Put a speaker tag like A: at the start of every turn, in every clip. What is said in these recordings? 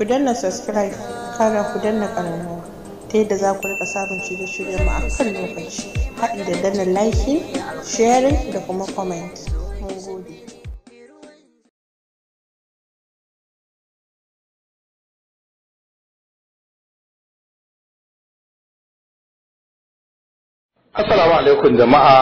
A: ku danna subscribe kara ku danna karamo ta yadda za ku rika samun shirye shiryen mu a kan lokaci haɗi da danna like sharing da kuma comment gode Assalamu alaikum jama'a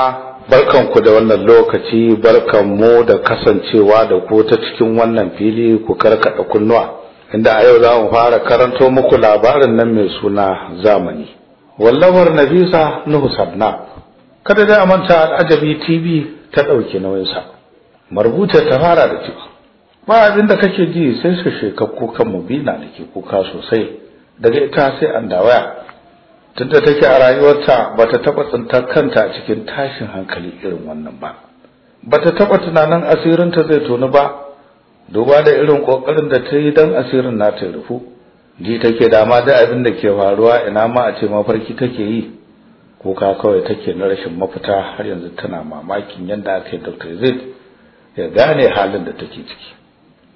A: barkanku da wannan lokaci barkan mu da kasancewa da ku ta cikin wannan fili ku karkaɗa kunnuwa inda a yau za mu fara karanto muku labarin nan mai suna zamani wallawar nafisa nuhu sabna kada dai a manta al'ajabi tv ta ɗauki nauyinsa marbuta ta fara da ciki ba abin da kake ji sai su shekakku kan mubina da ke kuka sosai daga ita sai an dawaya tunda take a rayuwarta ba ta taɓa tsintar kanta cikin tashin hankali irin wannan ba Ba ta taɓa tunanin asirinta zai tonu ba duba da irin kokarin da ta yi don asirin nata ya rufu ji take dama da abin da ke faruwa ina ma a ce mafarki take yi kuka kawai take na rashin mafita har yanzu tana mamakin yadda aka yi dr ya gane halin da take ciki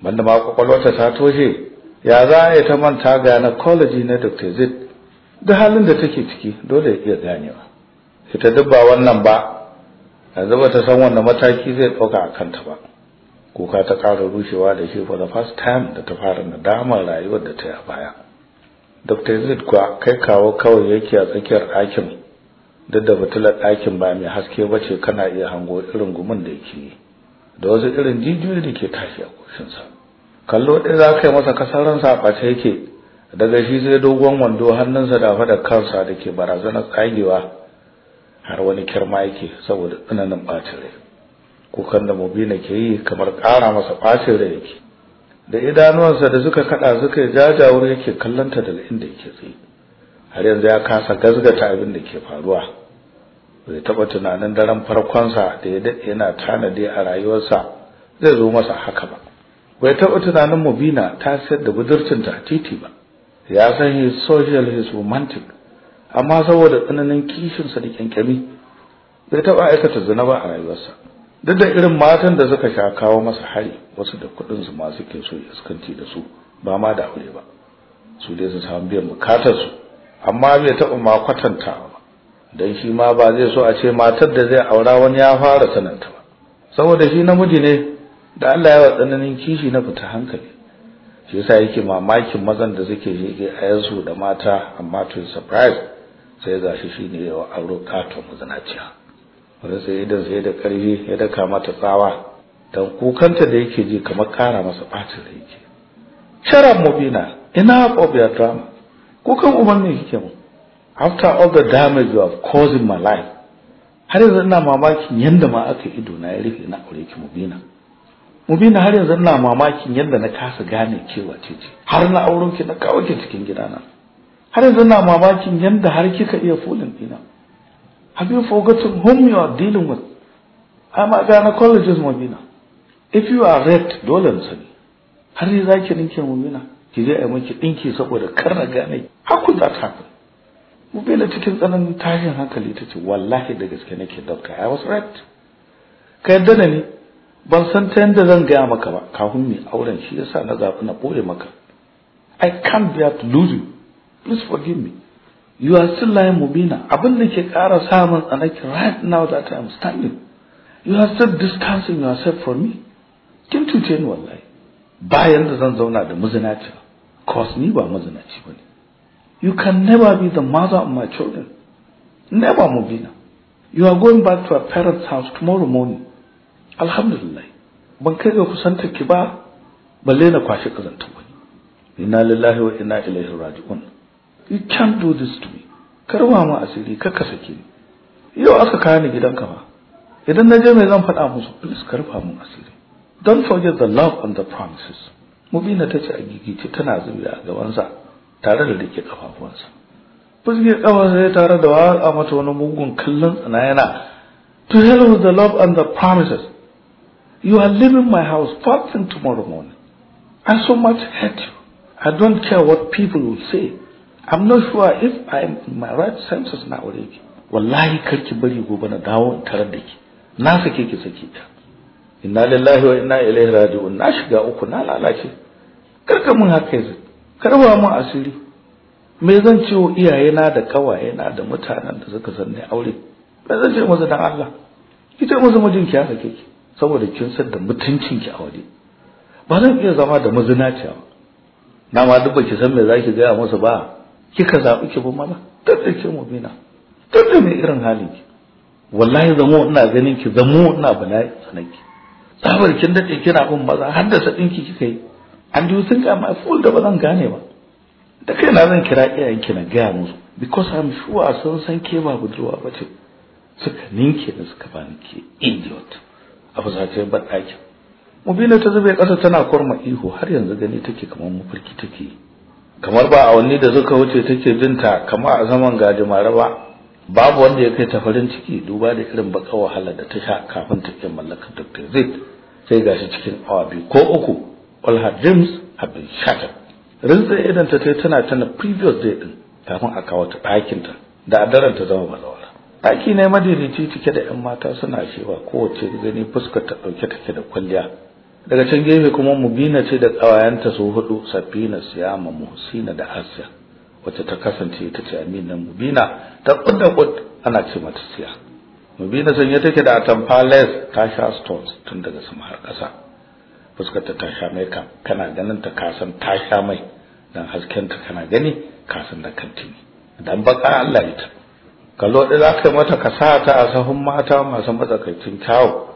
A: banda ma kwakwalwarta ta toshe ya za a ta manta gynecology na dr Z? da halin da take ciki dole ya iya ganewa ita duk ba wannan ba yanzu ba ta san wanda mataki zai ɗauka a kanta ba kuka ta ƙara rushewa da shi for the first time da ta fara nadamar rayuwar da ta yi a baya dr zid kuwa kai kawo kawai yake a tsakiyar ɗakin duk da fitilar ɗakin ba mai haske ba ce kana iya hango irin gumin da yake yi da wasu irin jijiyoyi da ke tashi a ƙoshinsa kallo ɗaya za ka yi masa kasar a ɓace yake daga shi sai dogon wando hannunsa da faɗa kansa da ke barazanar tsagewa har wani kirma yake saboda tsananin ɓacin rai kukan da mubina ke yi kamar ƙara masa ɓacin rai yake da idanuwansa da suka kaɗa suka yi jajawar yake kallonta da inda yake tsaye har yanzu ya kasa gazgata abin da ke faruwa bai taɓa tunanin daren farkonsa da ya daɗe yana tanade a rayuwarsa zai zo masa haka ba bai taɓa tunanin mubina ta sayar da budurcinta a titi ba ya san his social his romantic amma saboda tsananin kishinsa da ƙyanƙyami bai taɓa aikata zina ba a rayuwarsa duk da irin matan da suka sha kawo masa hari wasu da kuɗin su ma suke so ya iskanci da su ba ma da aure ba su dai su samu biyan bukatar su amma bai taɓa ma kwatanta ba dan shi ma ba zai so a ce matar da zai aura wani ya fara sananta ba saboda shi namiji ne da Allah ya wa tsananin kishi na fita hankali shi yasa yake mamakin mazan da suke a yansu da mata amma to surprise sai gashi shine ya auro katon mazanaciya wani sai idan sai da karfi ya daka mata tsawa dan kukanta da yake ji kamar kara masa bacin da yake sharar mubina enough of your drama kukan ne kike mu after all the damage you have caused in my life har yanzu ina mamakin yanda ma aka ido na ya rufe na aure ki mubina mubina har yanzu ina mamakin yanda na kasa gane cewa ce ce har na auren ki na kawo ki cikin gidana har yanzu ina mamakin yanda har kika iya fulin dina Have you forgotten whom you are dealing with? I'm a gynecologist, Mabina. If you are raped, dole sani. Har yi za ki ninke Mabina, ki je How could that happen? Mabina cikin tsananin tashin hankali ta ce, wallahi doctor, I was raped. Ka yadda ni, ban san zan gaya maka ba, kafin mai auren shi na maka. I can't bear to lose you. Please forgive me you are still lying mubina abin da ke ƙara samun right now that I am standing you are still distancing yourself from me you change one wallahi By da zan the mother nature, cause me ba mother nature, you can never be the mother of my children never mubina you are going back to your parents house tomorrow morning alhamdulillah ban kai ga kusantar ki ba inna lillahi wa inna ilaihi raji'un you can't do this to me karwa ma asiri kar ka sake aka kawo ni gidanka ba idan na mai zan faɗa musu please karfa mun asiri don't forget the love and the promises mubina ta ce a gigice tana zubi a gabansa tare da rike kafafuwansa fuske kafansa ya tare da watsa mata wani mugun kallon tsana yana to hell with the love and the promises you are leaving my house first thing tomorrow morning I so much hate you I don't care what people will say I'm not sure if I'm in my right senses na aure ki wallahi kar ki bari gobe na dawo tare da ki na sake ki sake ta inna lillahi wa inna ilaihi raji'un na shiga uku na lalace karka mun haka yanzu karba mun asiri me zan ce wa iyayena da kawayena da mutanen da suka san ni aure me zan ce musu dan Allah ki ce musu ki haka sake saboda kin san da mutuncin ki a waje ba zan iya zama da mazinaciya ba na ma duk ba ki san me zaki gaya musu ba kika zaɓi ki bin mana tattace mu bina tattace mai irin halin ki wallahi zamo ina ganin ki zamo ina bala'i sanan ki sabar kin dade kina bin maza har da sadin ki kika yi an ji sun ga mai full da ba zan gane ba da kai na zan kira iyayen ki na gaya musu because I'm sure sun san ke ba budurwa ba ce suka ninke da suka bani ke idiot a fasashen baɗakin mubina ta zube ƙasa tana kwarma ihu har yanzu gani take kamar mafarki take yi kamar ba a awanni da suka wuce take binta kamar a zaman gajimare ba babu wanda ya kai ta farin ciki duba da irin baka wahala da ta sha kafin ta ke mallakar Dr. Zaid sai gashi cikin awa biyu ko uku Olha James had been shattered rinsa idan ta tai tana tana previous day din kafin a kawo ta ɗakin ta da addaran ta zama bazawara ɗaki ne madaidaici cike da 'yan mata suna cewa kowace gani fuskar ta ɗauke take da kwalliya daga can gefe kuma mubina ce da tsawayanta su hudu safina siyama muhsina da hasya wacce ta kasance ita ce aminan mubina ta kudda kud ana ce mata siya mubina sanye take da atamfa les ta sha stones tun daga sama har kasa fuskar ta sha mai kana ganin ta kasan ta sha mai dan hasken ta kana gani kasan da kanti dan baka Allah ita kallo da zaka mata kasata a sahun mata masu matsakaicin kyawu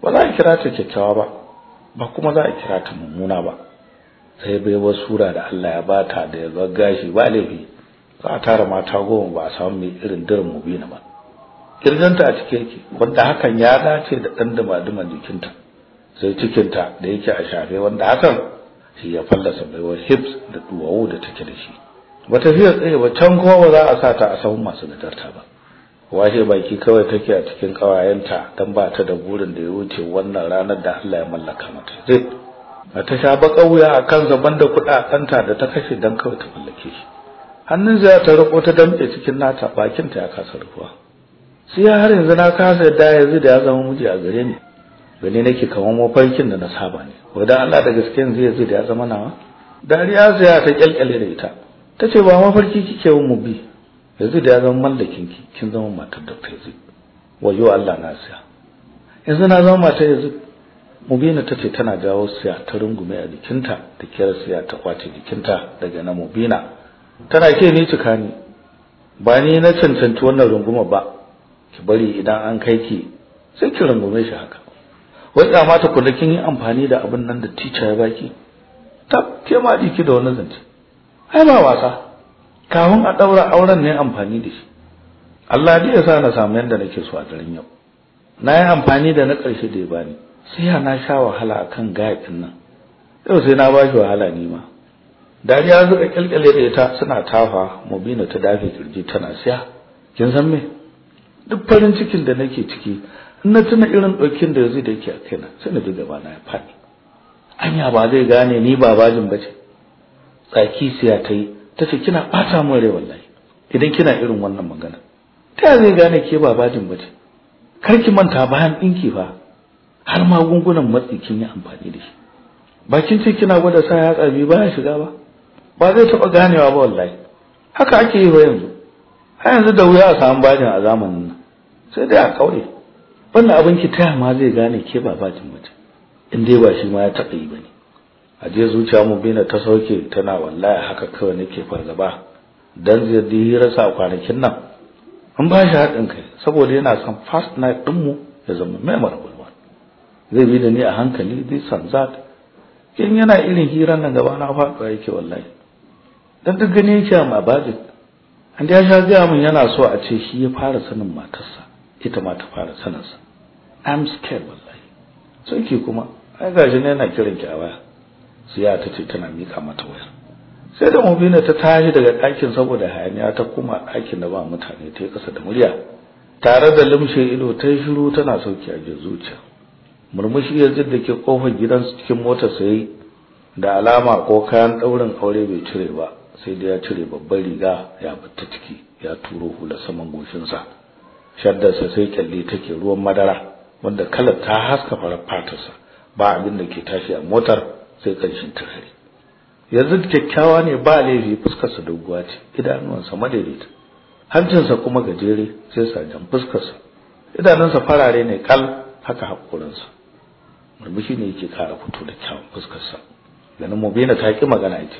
A: ba za kira ta kyakkyawa ba ba kuma za a kira ta mummuna ba sai bai wa sura da Allah ya bata da ya gashi ba laifi za a tara mata goma ba a samu mai irin dirin mubina ba kirjinta a cikin yake wanda hakan ya dace da ɗan dumaduman jikinta sai cikinta da yake a shafe wanda hakan shi ya fallasa baiwar hips da duwawu da take da shi ba fiye tsaye ba can kowa ba za a sa ta a samu masu nadarta ba washe baki kawai take a cikin kawayenta dan ba ta da burin da ya wuce wannan ranar da Allah ya mallaka mata zai ta sha baka a kan zaban da kanta da ta kashe dan kawai ta mallake shi hannun zai ta riko ta dambe cikin nata bakin ta ya kasa rufuwa sai har yanzu na kasa yadda yanzu da ya zama miji a gare ni gani nake kamar mafarkin da na saba ne wanda Allah da gaskiya zai zai da ya zama nawa dariya sai ta kyalkyale da ita tace ba mafarki kike mu bi yanzu da ya zama mallakin ki kin zama matar da yanzu wayo Allah na siya yanzu na zama matar yanzu mubina tace tana jawo siya ta rungume a jikinta ta kira siya ta kwace jikinta daga na mubina tana ke ni cika ni. ba ni na cancanci wannan runguma ba ki bari idan an kai ki sai ki rungume shi haka wai ya mata kula kin yi amfani da abin nan da teacher ya baki tab ke ma jiki da wannan zance ai ba wasa kawun a ɗaura auren ne amfani da shi Allah dai ya sa na samu yanda nake so a daren yau na yi amfani da na ƙarshe da ya bani sai ya na sha wahala a akan gayakin nan yau sai na ba shi wahala ni ma dariya suka kyalkyale da ita suna tafa mubina ta dafe kirji tana siya kin san me duk farin cikin da nake ciki na tuna irin ɗaukin da yanzu da yake a kaina sai na ji gaba na ya faɗi anya ba zai gane ni ba bajin ba ce tsaki siya ta yi Ta ce kina ɓata min rai wallahi idan kina irin wannan magana ta zai gane ke ba bajin kar ki manta bayan dinki fa har magungunan matsi kin yi amfani da shi Ba kin ce kina gwada sa yatsa ba ya shiga ba ba zai taba ganewa ba wallahi haka ake yi ba yanzu har yanzu da wuya a samu bajin a zamanin nan sai dai a kauye wannan abin ki taya ma zai gane ke ba bajin ba in dai ba shi ma ya taɓa yi ba ne. a je zuciya mu bina ta sauke tana wallahi haka kawai nake fargaba dan zai yi rasa kwanakin nan an ba shi haɗin kai saboda yana son fast night din mu ya zama memorable one zai bi da ni a hankali zai san zat in yana irin hiran nan gaba na faɗuwa yake wallahi dan duk gani yake a budget an ya sha gaya mun yana so a ce shi ya fara sanin matarsa ita ma ta fara saninsa I'm scared wallahi Sai ki kuma ai gashi ne yana kiran ki a waya siya ta ce tana mika mata waya. sai da mubina ta tashi daga ɗakin saboda hayaniya ta koma ɗakin da ba mutane ta yi ƙasa da murya tare da limshe ido ta yi shiru tana sauki a zuciya murmushi ya da ke kofar gidansu cikin motar sai da alama ko kayan ɗaurin aure bai cire ba sai da ya cire babban riga ya batta ciki ya turo hula saman goshinsa shaddarsa sai kyalle take ruwan madara wanda kalar ta haska farar fatarsa ba abin da ke tashi a motar sai ƙarshen ta yanzu kyakkyawa ne ba laifi fuskarsa doguwa ce idanuwansa madaidaita hancinsa kuma gajere sai sa sajan fuskarsa idanunsa farare ne kal haka sa murmushi ne yake kara fito da kyawun fuskarsa ganin mu bai ta ki magana yake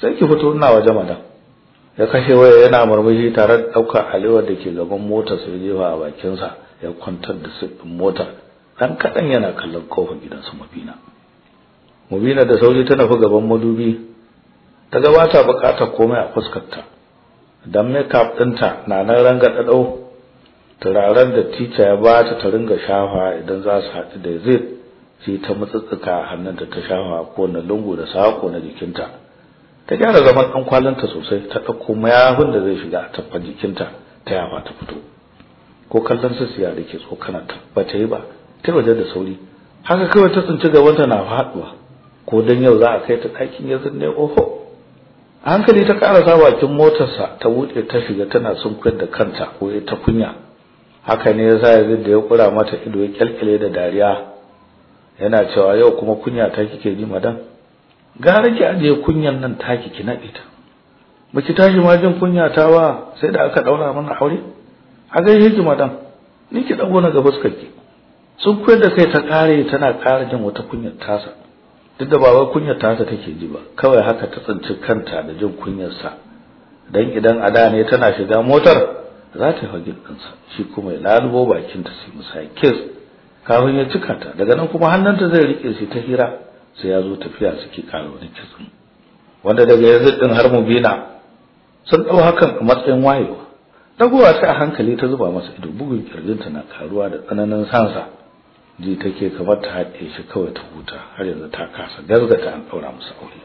A: sai ki fito ina waje madan ya kashe waya yana murmushi tare da ɗaukar alewar da ke gaban motar sai jefa a bakinsa ya kwantar da sifin motar dan kaɗan yana kallon kofar gidansu mabina mubina da sauri tana fi gaban madubi ta gabata bukatar komai a fuskarta dan makeup ɗinta na nan ranga ɗaɗau turaren da tica ya ba ta ta ringa shafa idan za su haɗu da zai sai ta mutsutsuka hannunta ta shafa ko na lungu da sako na jikinta ta gyara zaman ɗan kwalinta sosai ta ɗauko mayafin da zai shiga a taffar jikinta ta yafa ta fito ko kallon su siya da ke tsokana ta ba ta yi ba ta waje da sauri haka kawai ta tsinci gabanta na faɗuwa ko dan yau za a kai ta ɗakin ya ne oho a hankali ta karasa bakin motarsa ta buɗe ta shiga tana sunkuyar da kanta ko ta kunya haka ne yasa yanzu da ya kura mata ido ya kyalkyale da dariya yana cewa yau kuma kunya ta kike ji madan gara ki ajiye kunyan nan ta ki naɗe ta ki tashi ma jin kunya ta ba sai da aka ɗaura mana aure a gai yake madan ni ki ɗago na ga fuskar ki sunkuyar da kai ta kare tana kara jin wata kunyar tasa duk da babar kunyar ta take ji ba kawai haka ta tsinci kanta da jin kunyar sa dan idan ada ne tana shiga motar za ta fage kansa shi kuma ya lalubo bakin ta sai musa kiss kafin ya cika ta daga nan kuma hannunta zai rike shi ta hira sai ya zo tafiya suke karo wani kiss wanda daga yanzu din har mu bina sun dau hakan a matsayin wayewa dagowa sai a hankali ta zuba masa ido bugun kirjinta na karuwa da tsananin sansa ji take kamar ta haɗe shi kawai ta huta har yanzu ta kasa gazgata an ɗaura musu aure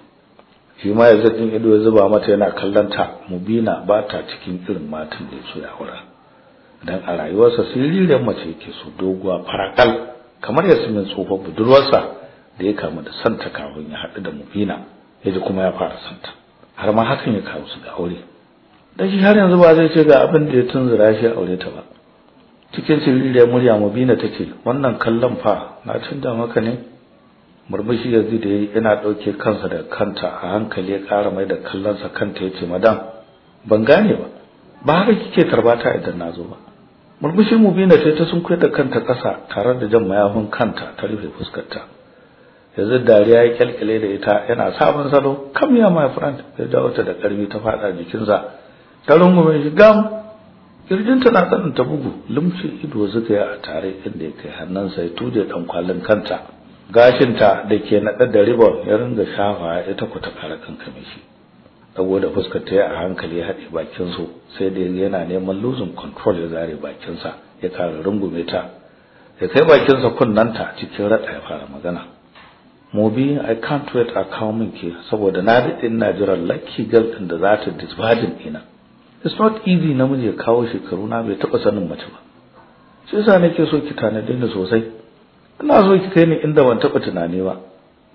A: shi ma yanzu ɗin ido ya zuba mata yana kallon ta mubina ba ta cikin irin matan da ya so ya aura dan a rayuwarsa siririn mace yake so doguwa farakal kamar yasmin tsofar budurwarsa da ya kamu da santa kafin ya haɗu da mubina yaji kuma ya fara santa har ma hakan ya kawo su ga aure dan shi har yanzu ba zai ce ga abin da ya tunzura shi aure ta ba cikin siririyar murya mu bina ta ce wannan kallon fa na canza maka ne murmushi yanzu da yi, yana ɗauke kansa da kanta a hankali ya kara mai da kallonsa kanta ya ce madam ban gane ba ba haka kike tarbata idan na zo ba Murmushin mubina ce ta sun da kanta ƙasa tare da jan mayafin kanta ta rufe fuskarta yanzu dariya ya kyalkyale da ita yana sabon salo kam ya my friend ya dawo ta da ƙarfi ta faɗa jikinsa ta rungume shi gam ta na kanin ta bugu lumshin ido suka ya a tare inda ya kai hannunsa ya tuje dan kwalin kanta ta da ke naɗa da ribon ya ringa shafa ita ku ta kara kanka shi dago da fuskar ta yi a hankali ya haɗe bakin su sai da yana neman losin control ya zare bakinsa ya kara rungume ta ya kai bakinsa kunnanta cikin raɗa ya fara magana mobi i can't wait a kawo minki saboda na daɗe ina jiran lucky girl ɗin da za ta disbadin ina it's not easy namiji ya kawo shekaru na bai taba sanin mace ba shi yasa nake so ki tanadi ni sosai ina so ki kai ni inda ban taba tunani ba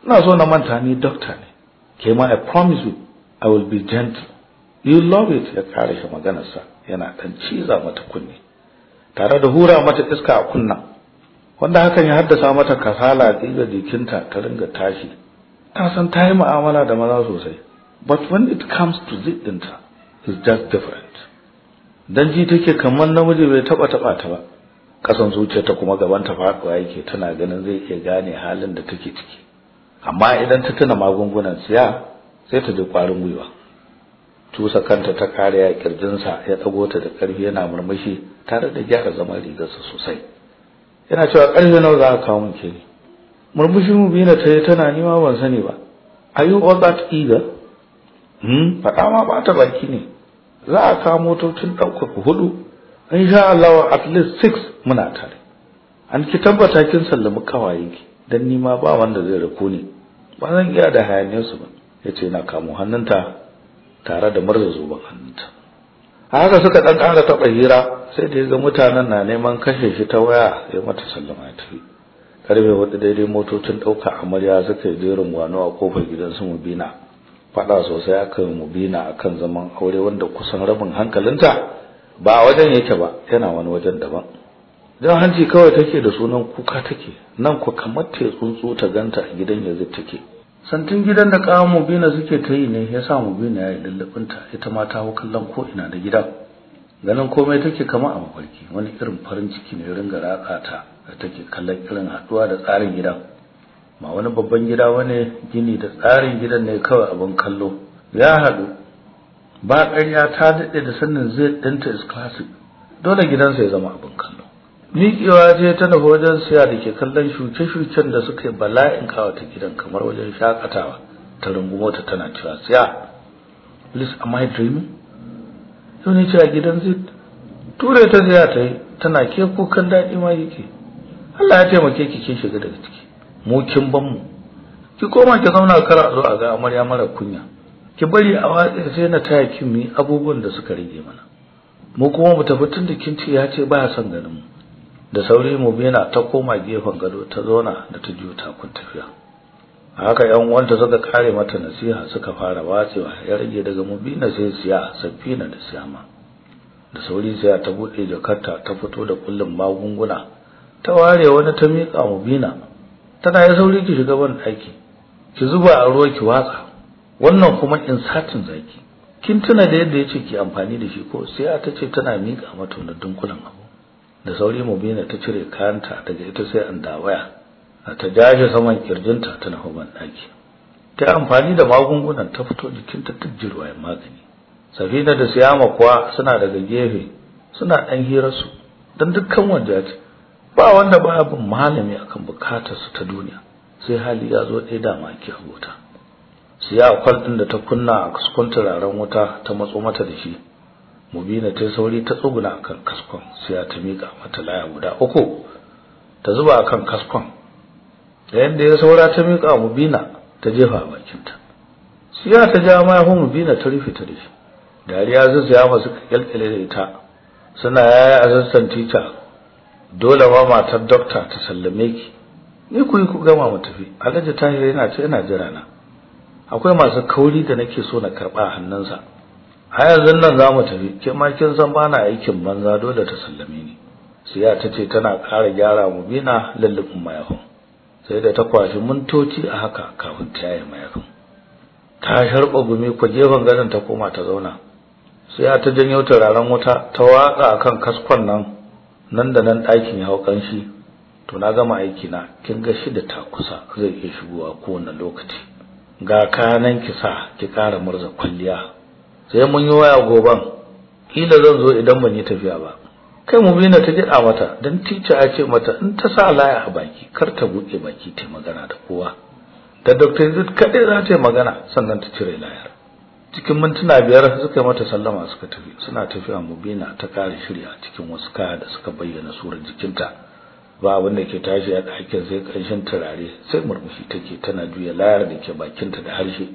A: ina so na manta ni doctor ne ke ma i promise you i will be gentle you love it ya kare shi maganarsa yana dan ciza mata kunni tare da hura mata iska a kunna wanda hakan ya haddasa mata kasala ga jikinta ta ringa tashi ta san ta yi mu'amala da maza sosai but when it comes to zidinta is just different dan take kamar namiji bai taba taba ta ba kasan ta kuma gaban ta faɗuwa yake tana ganin zai iya gane halin da take ciki amma idan ta tuna magungunan siya sai ta ji kwarin gwiwa tusa kanta ta kare ya kirjinsa ya dago ta da karfi yana murmushi tare da gyara zaman rigarsa sosai yana cewa karfe nawa za ka kawo mun ke mu mubina ta yi tana nima ban sani ba are you all that eager hmm faɗa ma ba ta baki ne za a kawo motocin ɗaukaka hudu in sha Allah at least six muna tare an ki tabbata kin sallami kawayenki dan ni ma ba wanda zai rako ni ba zan iya da hayaniyar su ba yace na kamo hannunta tare da murza zuban hannunta a haka suka dan ƙara taɓa hira sai da ya ga mutanen na neman kashe shi ta waya ya mata sallama ya tafi karbe wata daidai motocin ɗauka amarya suka yi jerin wano a kofar gidan su bina. faɗa sosai aka yi mubina akan zaman aure wanda kusan rabin hankalinta ba a wajen yake ba yana wani wajen daban don hanci kawai take da sunan kuka take nan ku kamar ta tsuntsu ta ganta a gidan yanzu take santin gidan da kawo mubina suke ta yi ne ya sa mubina ya yi lallabinta ita ma ta hau kallon ko ina da gida ganin komai take kama a mafarki wani irin farin ciki ne ringa ratsa ta da take kallon irin haɗuwa da tsarin gidan ma wani babban gida wani gini da tsarin gidan ne kawai abin kallo ya haɗu ba ƙarya ta daɗe da sannin zai ɗinta is classic dole gidansa ya zama abin kallo miƙewa ce ta nufi wajen siya da ke kallon shuke-shuken da suka yi bala'in kawo ta gidan kamar wajen shakatawa ta rungumo ta tana cewa siya please am I dreaming yau ne cewa gidan zai ture ta siya ta yi tana ke kukan daɗi ma yake Allah ya taimake ki ke shiga daga ciki mu kin ban mu ki koma ki zauna kar a zo a ga amarya mara kunya ki bari a watsa sai na taya ki mu abubuwan da suka rage mana mu kuma mu tafi tun da kin ce ya ce ba son ganin mu da sauri mu bina ta koma gefen gado ta zauna da ta jiyo kun tafiya A haka yan uwanta suka kare mata nasiha suka fara watsewa ya rage daga mubina sai siya safina da siyama da sauri sai ta buɗe jakarta ta fito da kullum magunguna ta ware wani ta miƙa bina tana ya sauri ki shiga ban daki ki zuba a ruwa ki watsa wannan kuma insatin zaki kin tuna da yadda yace ki amfani da shi ko sai a ce tana mika mata wannan dunkulan abu da sauri mu mubina ta cire kayanta daga ita sai an dawaya ta jaje saman kirjinta tana ban daki ta amfani da magungunan ta fito jikinta ta tijirwaye magani safina da siyama kuwa suna daga gefe suna dan hirarsu don dukkan wanda ya ba wanda baya abin malami akan bukatar su ta duniya sai hali ya zo ɗaya maki ke wuta sai ya kwal ɗin da ta kunna a kaskon turaren wuta ta matso mata da shi mubina ta sauri ta tsuguna akan kaskon sai ya ta miƙa mata laya guda uku ta zuba akan kaskon da yadda ya saura ta miƙa mubina ta jefa a bakinta sai ya ta ja ma mubina ta rufe ta da shi dariya zazzaya masu kyalkyale da ita suna yaya azantan tita dole ma matar dokta ta sallame ki ni ku ku gama mu tafi alhaji tahir yana ce yana jira na akwai masu kauri da nake so na karba hannunsa a yanzu nan za mu tafi ke ma kin san ba na aikin banza dole ta sallame ni siya ta ce tana ƙara gyara mu bina lallufin mayafin sai da ta kwashi mintoci a haka kafin ta yi mayafin ta sharɓa gumi ko gefen gadon ta koma ta zauna siya ta janyo turaren wuta ta watsa akan kaskon nan nan da nan ɗakin ya hau ƙanshi to na gama aiki na kin ga shi da ta kusa zai iya shigowa kowane lokaci ga kanan ki sa ki ƙara murza kwalliya sai mun yi waya goban kila zan zo idan ban yi tafiya ba kai mu bina ta gida mata dan tica a ce mata in ta sa laya a baki kar ta buɗe baki ta magana da kowa da Dr. Zid kaɗai za ta yi magana sannan ta cire layar cikin mintuna biyar suka mata sallama suka tafi suna tafiya mubina ta kare shirya cikin wasu kaya da suka bayyana surar jikinta ba abin da ke tashi a ɗakin sai ƙarshen turare sai murmushi take tana juya layar da ke bakinta da harshe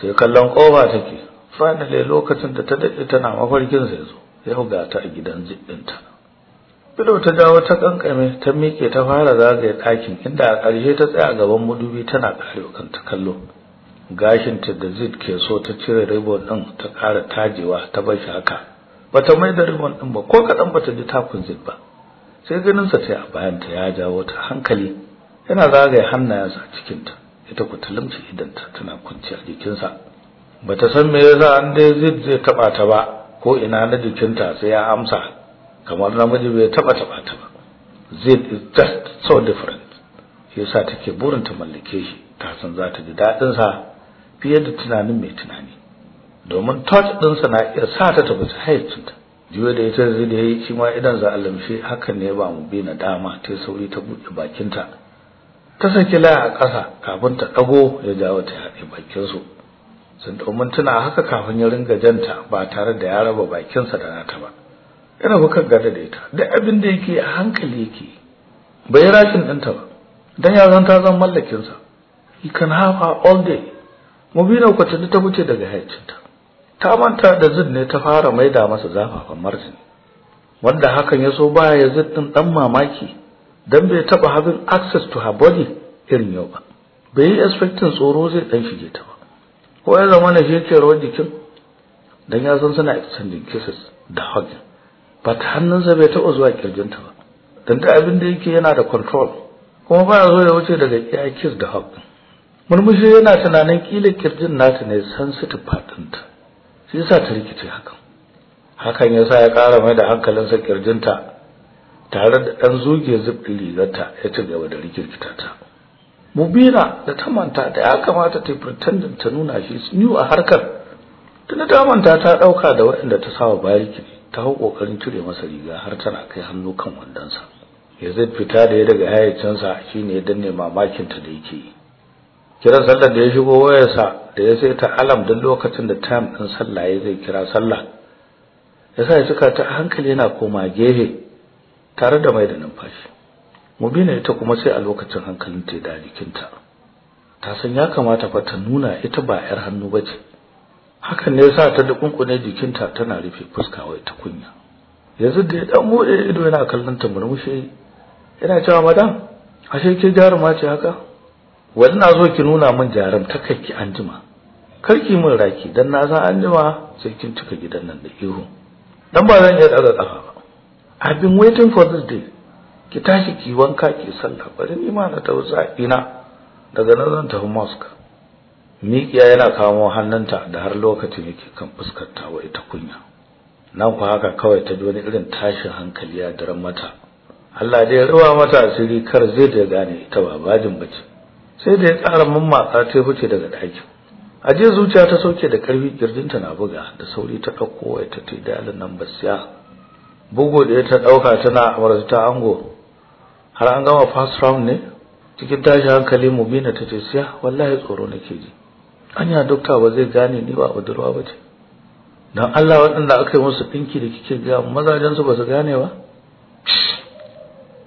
A: sai kallon ƙofa take finally lokacin da ta daɗe tana mafarkin sai zo yau ga ta a gidan jiɗinta Fido ta dawo ta ƙanƙame ta miƙe ta fara zagaye ɗakin inda a ƙarshe ta tsaya a gaban madubi tana ƙarewa kanta kallo gashinta da zit ke so ta cire ribon ɗin ta ƙara tajewa ta bar shi haka bata mai da ribon ɗin ba ko kaɗan ta ji takun zit ba sai ganinsa ta a bayanta ya jawo ta hankali yana zagaye hannayensa a cikinta ita ku idan idanta tana a jikinsa ta san me yasa an dai zid zai taba ta ba ko ina na jikinta sai ya amsa kamar namiji bai taba taba ta ba zid is just so different yasa take burin ta mallake shi Kasan san za ta ji daɗin sa fiye da tunanin mai tunani domin thought ɗinsa na iya sa ta tafi ta juya da ita zai da yayi shi ma idan za a lamshe hakan ne ba mu bina dama ta sauri ta buɗe bakin ta ta saki laya a ƙasa kafin ta ɗago ya jawo ta haɗe bakinsu sun domin tuna haka kafin ya ringa janta ba tare da ya raba bakinsa da nata ba yana bukar gada da ita da abin da yake a hankali yake bai rashin ɗinta ba don ya zan ta zan mallakinsa you can have her all day mubina ku ta wuce daga hayyacinta ta manta da zid ne ta fara maida masa zafafan marjin wanda hakan ya so baya ya zid din dan mamaki dan bai taba having access to her body irin yau ba bai yi expecting tsoro zai dan shige ta ba ko ya zama na shi rawar jikin dan ya san suna extending kisses da hug but hannunsa bai taba zuwa kirjinta ba dan da abin da yake yana da control kuma ba ya zo ya wuce daga kiss da hug murmushi yana tunanin kila kirjin nata ne sensitive part ɗinta shi yasa ta rikice hakan hakan yasa ya ƙara mai da hankalinsa kirjinta tare da ɗan zuge zubin rigarta ya ci gaba da rikirkita ta Mubira da ta manta da ya kamata ta pretending ta nuna shi new a harkar tunda ta manta ta ɗauka da waɗanda ta sawa bariki ta hau ƙoƙarin cire masa riga har tana kai hannu kan wandonsa ya fita da ya daga hayyacinsa shine ya danne mamakinta da yake yi kiran sallar da ya shigo wayarsa da ya sai ta alam duk lokacin da time din sallah ya zai kira sallah yasa ya suka ta hankali yana koma gehe tare da mai da numfashi mubina ita kuma sai a lokacin hankalin ta da jikinta ta san ya kamata fa ta nuna ita ba yar hannu bace hakan ne yasa ta dukunkune jikinta tana rufe fuska wai ta kunya yanzu da ya dan bude ido yana kallon ta murmushi yana cewa madam ashe ke jaruma ce haka wani na zo ki nuna min ki anjima Kar karki min raki dan na san anjima sai kin cika gidan nan da ihu dan ba zan iya daga kafa ba I've been waiting for this day ki tashi ki wanka ki sallah bari ni ma na tausa ina daga nan zan tafi mosque miƙiya yana kamo hannunta da har lokacin yake kan fuskar ta wa ita kunya nan ku haka kawai ta ji wani irin tashin hankali ya daren mata Allah dai ya ruwa mata asiri kar zai da gane ita ba bajin bace sai da ya mun mammatsa ta fice daga A jiya zuciya ta sauke da karfi kirjinta na buga da sauri ta ɗauko waya ta tai dalin nan basiya bugu da ta ɗauka tana amurta ta ango har an gama fast round ne cikin tashi hankali mu mubina ta ce siya wallahi tsoro nake ji anya dokta ba zai gane ni ba budurwa ba ce don Allah waɗanda aka yi musu ɗinki da kike ga mazajen su ba su gane ba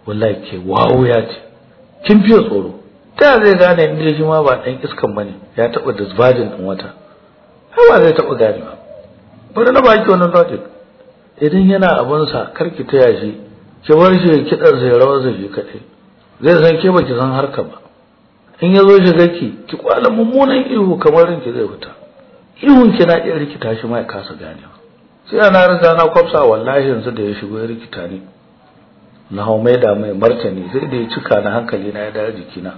A: wallahi ke wawo ya ce kin fiye tsoro ta zai gane ni ya shi ma ba ɗan iskan bane ya taɓa da zubajin ɗin wata har ba zai taɓa gane ba bari na baki wannan logic idan yana abinsa kar ki taya shi ki bar shi kiɗa zai rawar zai shi kaɗai zai san ke ba ki san harka ba in ya zo shi ki ki kwala mummunan ihu kamar ki zai fita ihun ki na iya rikita shi ma ya kasa ba. sai ana riga na kwafsa wallahi yanzu da ya shigo ya rikita ne. na hau mai da mai martani zai da ya cika na hankali na ya dawo jikina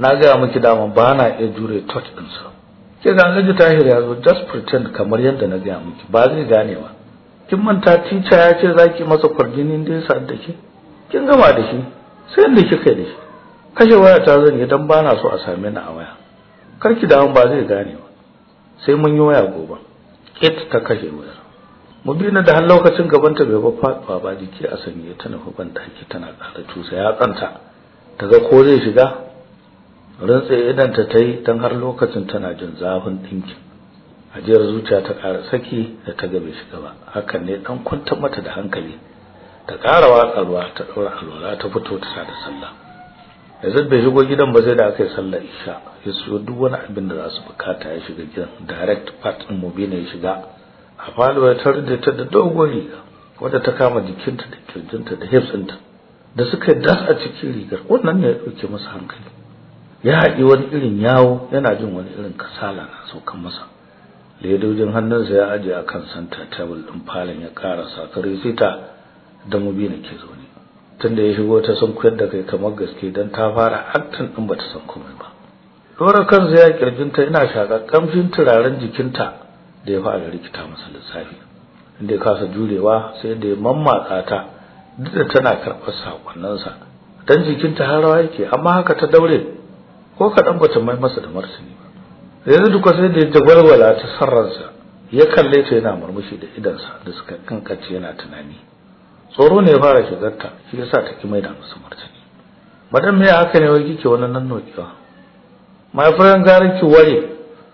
A: na gaya miki dama ba na iya jure tot sa. ke ga alhaji tahir ya zo just pretend kamar yadda na gaya miki ba zai gane ba kin manta tica ya ce zaki masa kwarjinin da ya sa da ki? kin gama da shi sai yadda kika da shi kashe waya ta zan yi dan ba na so a same ni a waya kar ki damu ba zai gane ba sai mun yi waya gobe ket ta kashe waya. Mu bi na da har lokacin gabanta bai ba faɗuwa ba jiki a sanye ta nufi ban ki tana ƙara tusa ya tsanta ta ga ko zai shiga rantsa idan ta tai dan har lokacin tana jin zafin dinki ajiyar zuciya ta ƙara saki da ta gabe shi gaba hakan ne dan kwantar mata da hankali ta ƙara watsa ruwa ta ɗora alwala ta fito ta da sallah da bai shigo gidan ba sai da aka yi sallar isha ya siyo duk wani abin da za su bukata ya shiga gidan direct part din mobina ya shiga a falo ya tarar da ta da dogon riga wadda ta kama jikinta da kirjinta da hips ɗinta da suka yi a cikin rigar wannan ne ya ɗauke masa hankali ya haɗi wani irin yawo yana jin wani irin kasala na saukan masa ledojin hannunsa ya ajiye a kan santa table ɗin falon ya karasa kare sai ta da na ke zaune tunda ya shigo ta san kuyar da kai kamar gaske don ta fara aktan ɗin ba ta san komai ba Dora kansa ya ƙirjinta ina shaƙa kamshin turaren jikinta da ya fara rikita masa lissafi inda ya kasa jurewa sai da ya mammatsa ta duk da tana karɓar saƙonninsa don jikinta har rawa yake amma haka ta daure ko kaɗan ba ta mai masa da martani ba yanzu duk sai da ta walwala ta sarransa ya kalle ta yana murmushi da idansa da suka kankace yana tunani tsoro ne ya fara shigarta shi sa ta ki mai da masa martani madan me haka ne wai kike wannan nan nokiwa my friend garin ki ware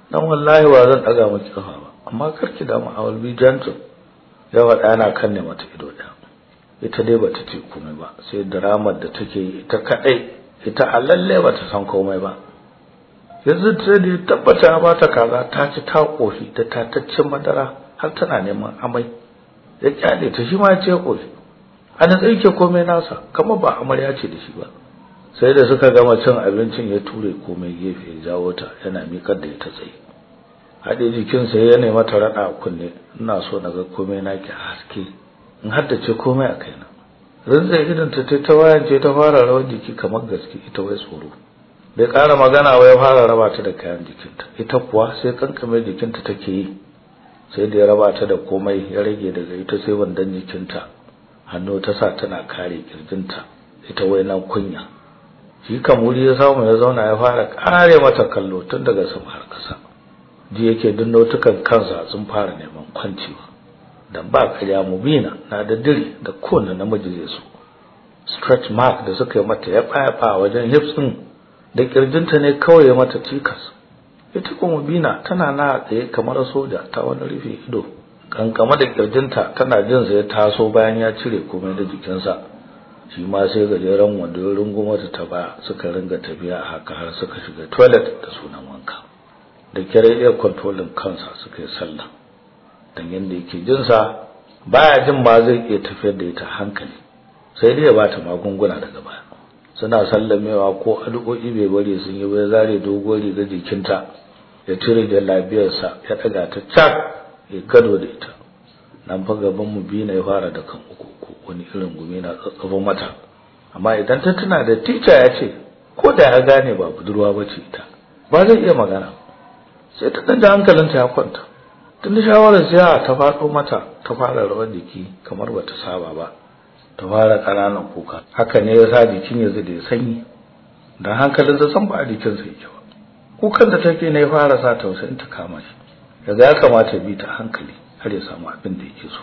A: dan wallahi wa zan daga maki kafa ba amma kar ki damu a will be gentle yawa ɗana kan ne mata ido ɗaya. ita dai bata ce komai ba sai dramar da take ita kaɗai. ita a lalle ba ta san komai ba yanzu ta da tabbata ba ta kaza ta ci ta kofi ta tatacce madara har tana neman amai ya kyale ta shi ma ya ce ya koshi a na komai nasa kamar ba amarya ce da shi ba sai da suka gama cin abincin ya ture komai gefe ya jawo ta yana mikar da ita tsaye haɗe jikinsa ya nema ta raɗa a kunne ina so na ga komai ki haske in ce komai a kaina rinsa idan ta ta wayan ce ta fara rawar jiki kamar gaske ita wai tsoro bai ƙara magana wai ya fara raba ta da kayan jikinta ita kuwa sai kankame jikinta take yi sai da ya raba ta da komai ya rage daga ita sai wandan jikinta hannu ta sa tana kare ta ita wai nan kunya shi kamuri ya samu ya zauna ya fara kare mata kallo tun daga sama har kasa ji yake dunno tukan kansa sun fara neman kwancewa da ba kariya mubina na da diri da kowane namiji zai so stretch mark da suka yi mata ya fayafa wajen hips din da kirjinta ne kawai ya mata tikas, ita kuma mubina tana na tsaye kamar soja ta wani rufe ido kankama da kirjinta tana jin sai taso bayan ya cire komai da jikinsa shi ma sai gajeren wanda ya rungumata ta ba suka ringa tafiya haka har suka shiga toilet da sunan wanka da kira iya kwantolin kansa suka yi sallah dan yanda yake jin sa baya jin ba zai iya tafiyar da ita hankali sai dai ya ba ta magunguna daga baya suna sallamewa ko addu'o'i bai bari sun yi bai zare dogon riga jikinta ya cire da sa, ya daga ta cak ya gado da ita nan fa gaban mu bi na ya fara da kan uku wani irin gumi na tsatsafa mata amma idan ta tuna da tica ya ce ko da ya gane ba budurwa bace ita ba zai iya magana sai ta ɗan hankalinta ya kwanta tunda shawarar sai ta faɗo mata ta fara rawar jiki kamar bata saba ba ta fara ƙananan kuka haka ne yasa jikin ya da sanyi dan hankalin sa san ba jikin sa yake ba kukan da take ne fara sa tausayin ta kama shi daga ya kamata bi ta hankali har ya samu abin da yake so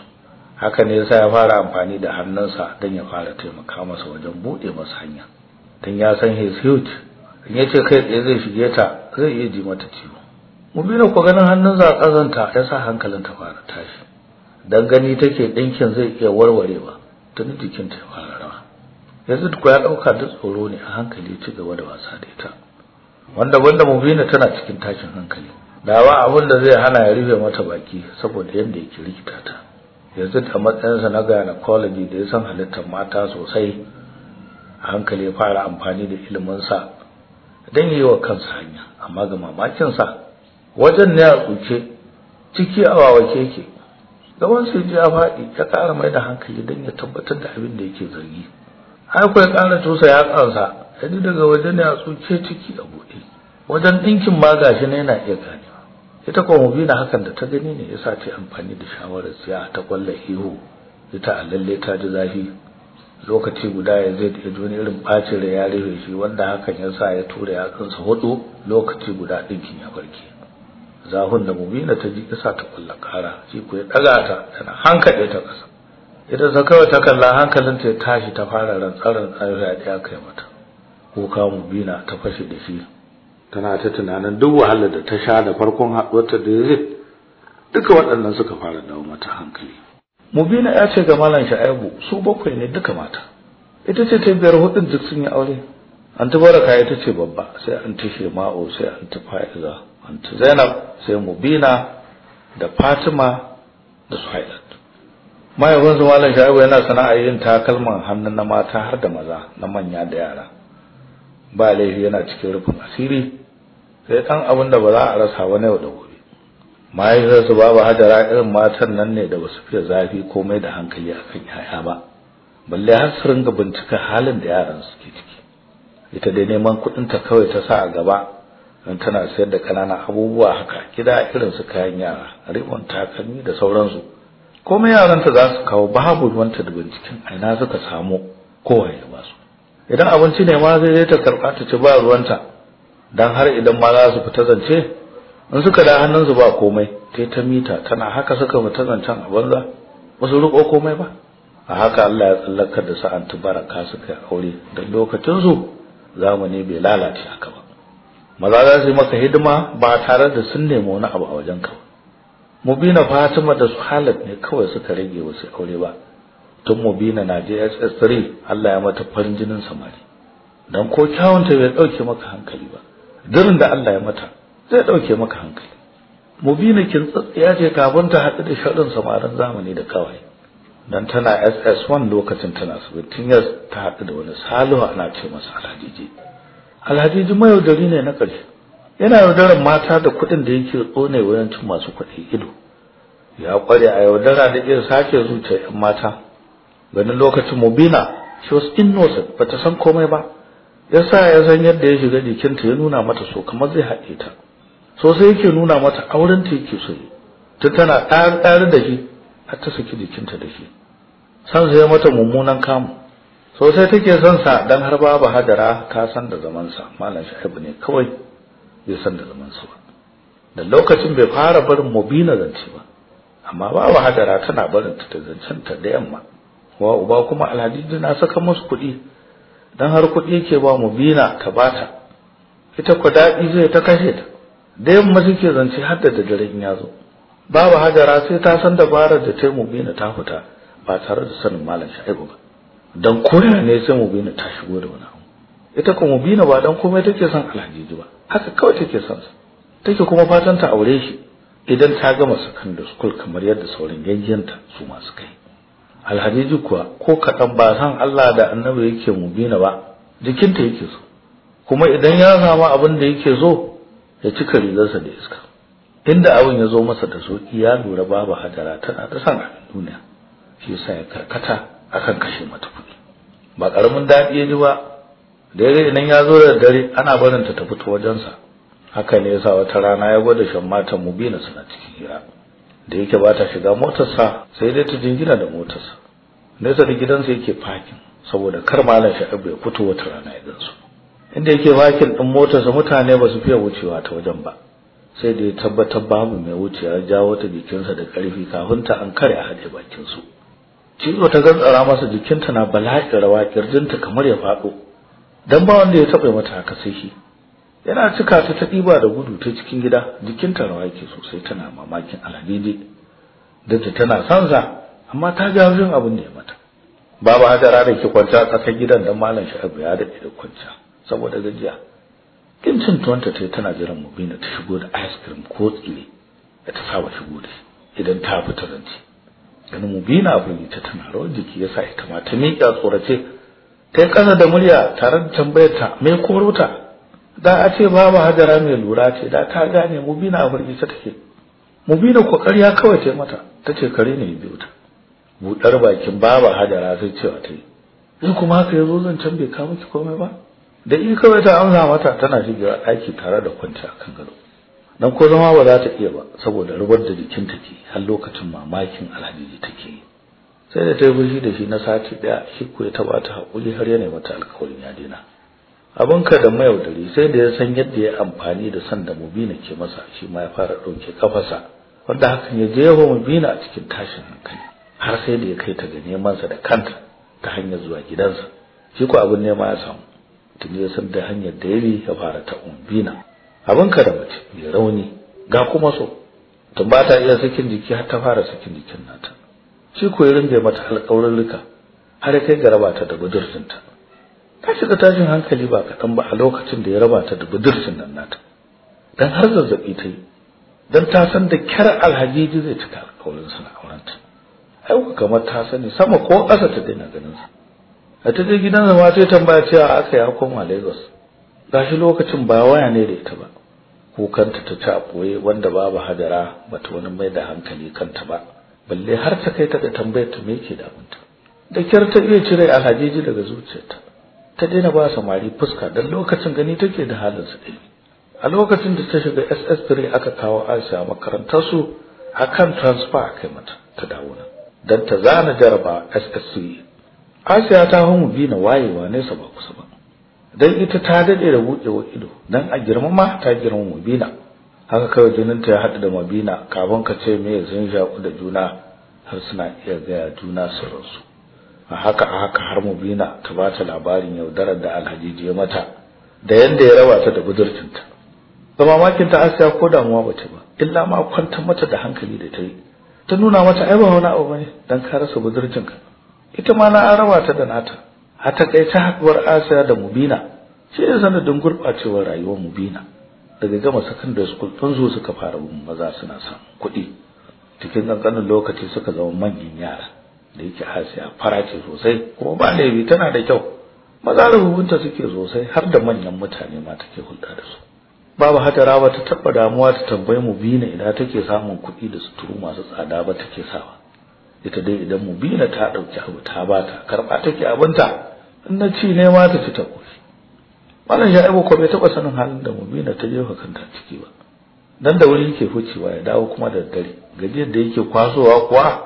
A: haka ne yasa ya fara amfani da hannunsa dan ya fara taimaka masa wajen buɗe masa hanya dan ya san his youth in yace kai tsaye zai shige ta zai iya ji mata ciwo Mu mubina ku ganin hannun za kazanta ya sa hankalin ta fara tashi dan gani take dinkin zai iya warwarewa tun jikin ta fara rawa yanzu ko ya ɗauka da tsoro ne a hankali ci gaba da wasa da ita wanda wanda mubina tana cikin tashin hankali dawa abin da zai hana ya rufe mata baki saboda yadda yake rikita ta yanzu ta sa na gynecology da ya san halittar mata sosai a hankali ya fara amfani da ilimin sa don yi wa kansa hanya amma ga mamakin sa. wajen ne a kuke ciki a wawake yake gaban sai ji ya faɗi ya ƙara mai da hankali don ya tabbatar da abin da yake zargi har kuwa ya ƙara tusa ya ƙansa ya ji daga wajen ne a tsuke ciki a buɗe wajen ɗinkin ma gashi ne yana iya ganewa ita kuma na hakan da ta gani ne yasa ta amfani da shawarar siya ta kwalla ihu. ita a lalle ta ji zafi lokaci guda ya zai da wani irin bacin da ya rufe shi wanda hakan ya sa ya tura ƙansa hudu lokaci guda ɗinkin ya barke zahun da mubina ta ji kisa ta kulla kara shi ko ya daga ta tana hankali ta kasa Idan sa kawai ta kalla hankalin ta ya tashi ta fara rantsaran tsayuwa da ya kai mata kuka mubina ta fashe da shi tana ta tunanin duk wahalar da ta sha da farkon haɗuwarta da zai duka waɗannan suka fara dawo mata hankali mubina ya ce ga malam sha'ibu su bakwai ne duka mata ita ce ta biyar hudun duk sun yi aure an tabaraka ita ce babba sai an tashi ma'o sai an tafi faiza wanta Zainab sai Mubina da Fatima da Suhailat mahaifin su malam Shaibu yana sana'a yin takalman hannun na mata har da maza na manya da yara ba laifi yana cikin rufin asiri sai ɗan abin da ba za a rasa wani yau da gobe mahaifiyarsu babu hajara irin matan nan ne da basu fiye zafi komai da hankali akan yaya ba balle har su ringa bincika halin da yaran suke ciki ita dai neman kuɗin ta kawai ta sa a gaba in tana sayar da kananan abubuwa haka gida irin su kayan yara ribon takalmi da sauransu komai yaranta za su kawo babu ruwanta da binciken aina suka samu kowane ya ba idan abinci ne ma zai ta karɓa ta ci ba ruwanta dan har idan ma za su fita zance in suka da hannunsu ba komai tai ta mita tana haka suka fita zancen a banza ba su riƙo komai ba a haka Allah ya tsallakar da sa'an baraka suka aure da lokacin su zamani bai lalace haka ba maza za su yi maka hidima ba tare da sun nemi wani abu a wajenka ba mubina fatima da su halat ne kawai suka rage wasu aure ba tun mubina na jss 3 allah ya mata farin jinin samari don ko kyawunta bai ɗauke maka hankali ba dirin da allah ya mata zai ɗauke maka hankali mubina kintsatsiya ce kafin ta haɗu da shaɗin samarin zamani da kawai don tana ss1 lokacin tana 17 ta haɗu da wani salihu ana ce masa alhadiji Alhajiji mai yaudari ne na ƙarshe yana yaudarar mata da kuɗin da yake tsone wayancin masu kuɗi ido ya ƙware a yaudara da iya sake zuciya 'yan mata ganin lokacin mubina she was innocent ta san komai ba Ya sa ya san yadda ya shiga jikinta ya nuna mata so kamar zai haɗe ta Sosai yake nuna mata auren ta yake so ta tana ɗar ɗari da shi har ta saki jikinta da shi san sai mata mummunan kamu sosai take son sa dan har babu hadara ta san da zaman sa malam shaibu ne kawai ya san da zaman sa da lokacin bai fara barin mubina zance ba amma babu hadara tana barin ta zancen ta da yamma wa uba kuma alhadidi na saka musu kuɗi dan har kuɗi yake ba mubina ta bata ita ku daɗi zai ta kashe ta da yamma suke zance har da dare ya zo babu hadara sai ta san dabarar da ta mubina ta fita ba tare da sanin malam shaibu ba dan koya ne sai mu bina ta shigo da wani abu ita kuma bina ba dan komai take son alhajiji ba haka kawai take son sa take kuma fatan ta aure shi idan ta gama secondary school kamar yadda sauran gangiyanta su masu kai alhajiji kuwa ko kaɗan ba san Allah da annabi yake mubina ba jikinta yake so kuma idan ya samu abin da yake so ya cika rigarsa da iska inda abin ya zo masa da soki ya lura babu hadara tana ta san abin duniya shi yasa ya karkata akan kashe mata kuɗi ba ƙaramin daɗi ya ji ba da ya nan ya zo da dare ana barin ta ta fito wajensa haka ne yasa wata rana ya gwada shan matan mubina suna cikin hira da yake ba ta shiga motarsa sai dai ta jingina da motarsa nesa da gidansa yake fakin saboda kar malam sha'abu ya fito wata rana ya gansu inda yake fakin ɗin motarsa mutane ba su fiye wucewa ta wajen ba sai da ya tabbatar babu mai wucewa jawo ta jikinsa da ƙarfi kafin ta an kare a haɗe bakin su cizo ta gantsara masa jikinta na da rawa kirjinta kamar ya faɗo dan ba wanda ya taɓa mata haka sai shi yana cika ta ta ɗiba da gudu ta cikin gida jikinta rawa yake sosai tana mamakin alhadidi da ta tana sansa amma ta ga abin abin da ya mata baba hajara da ke kwanta a tsakar gidan dan malam abu ya daɗe da kwanta saboda gajiya kin cin tuwanta ta tana jiran mu bina ta shigo da ice cream ko tsire da ta saba shigo da idan ta fita zance wani mubina abu ta tunaro jiki yasa ita ma ta ya tsorace kai ƙasa da murya tare da tambayar ta me korota da a ce babu hajara mai lura ce da ta gane mubina ne ta take mubina kokari ya kawai ta mata ta ce kare ne biyu ta buɗar bakin baba hajara sai cewa ta yi in kuma haka ya zo zan can bai kawo miki komai ba da in kawai ta amsa mata tana shiga ɗaki tare da kwanciya kan gado dan ko zama ba za ta iya ba saboda rubar da jikin take har lokacin mamakin alhaji take sai da ta fushi da shi na sati daya shi ko ya taba ta hakuri har yana mata alƙawarin ya dena ka da mayaudari sai da ya san yadda ya amfani da san da mubina ke masa shi ma ya fara dauke kafarsa wanda hakan ya jefa mubina a cikin tashin hankali har sai da ya kai ta ga neman sa da kanta ta hanyar zuwa gidansa shi ko abin nema ya samu tuni ya san da hanyar da ya bi ya fara ta mubina abinka da mace mai rauni ga kuma so tun ba ta iya sakin jiki har ta fara sakin jikin nata shi ko irin bai mata alƙawarruka har kai ga raba ta da budurcinta ta shiga tashin hankali ba kaɗan ba a lokacin da ya raba ta da budurcin nan nata dan har zazzaɓi ta yi dan ta san da kyar alhajiji zai cika alƙawarinsa na aurenta ai kamar ta sani sama ko ƙasa ta daina ganin sa a ta je gidan zama sai tambaya cewa aka ya koma Lagos gashi lokacin ba waya ne da ita ba kukanta ta ci ta boye wanda babu hadara bata wani mai da hankali kanta ba balle har ta kai ta ga tambayar ta me yake damunta da kyar ta iya cire alhajiji daga zuciyarta ta daina ba samari fuska dan lokacin gani take da halin su dai a lokacin da ta shiga SS3 aka kawo Aisha makarantar su akan transfer kai mata ta dawo nan dan ta zana jaraba SS3 Aisha ta hau mu bina wayewa nesa ba kusa ba dan ita ta dade da buɗewa ido dan a girmama ta girmama bina. haka kawai ta ya haɗu da mabina kafin ka ce me sun shaƙu da juna har suna iya gaya juna sirrinsu a haka a haka har mu bina ta ba ta labarin yaudarar da alhaji ya mata da yadda ya raba ta da budurcinta da mamakin ta asiya ko damuwa ba ta ba illa ma kwanta mata da hankali da ta yi ta nuna mata ai ba wani abu bane dan ka rasa budurcinka ita ma na an raba da nata a takaice haɗuwar Asiya da Mubina shi ne sanadin gurɓacewar rayuwar Mubina daga gama secondary school tun zuwa suka fara bin maza suna son kuɗi cikin ƙanƙanin lokaci suka zama manyan yara da yake Asiya fara ce sosai kuma ba laifi tana da kyau maza da hukunta suke sosai har da manyan mutane ma take hulɗa da su babu hajara ba ta taɓa damuwa ta tambayi Mubina idan take samun kuɗi da suturu masu tsada ba take sawa ita dai idan Mubina ta ɗauki abu ta bata karɓa take abinta in na ci ne ma ta ci ta koshi malam sha'ibu ko bai taba sanin halin da mu bina ta jefa kanta ciki ba dan da wuri yake hucewa ya dawo kuma da dare gajiyar da yake kwasowa kuwa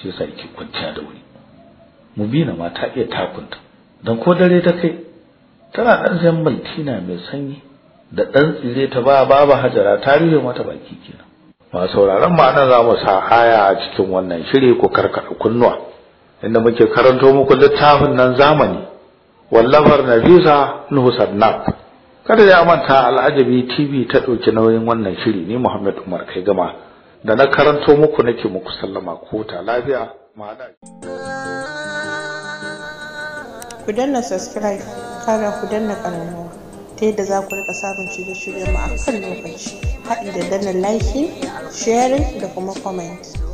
A: shi yasa yake kwanciya da wuri mubina ma ta iya takunta dan ko dare ta kai tana dan sayan maltina mai sanyi da dan tsire ta ba babu hajara ta rufe mata baki kenan ba sauraron ma'ana za mu sa haya a cikin wannan shiri ko karkada kunnuwa inda muke karanto muku littafin nan zamani wallafar nafisa nuhu sadnaq kada ya manta al'ajabi tv ta ɗauki nauyin wannan shiri ne muhammad umar kai gama da na karanto muku nake muku sallama ko ta lafiya ma'ana ku danna subscribe kada ku danna karamuwa ta yadda za ku rika samun shirye shirye mu a kan lokaci haɗi da danna laifin sharing da kuma comment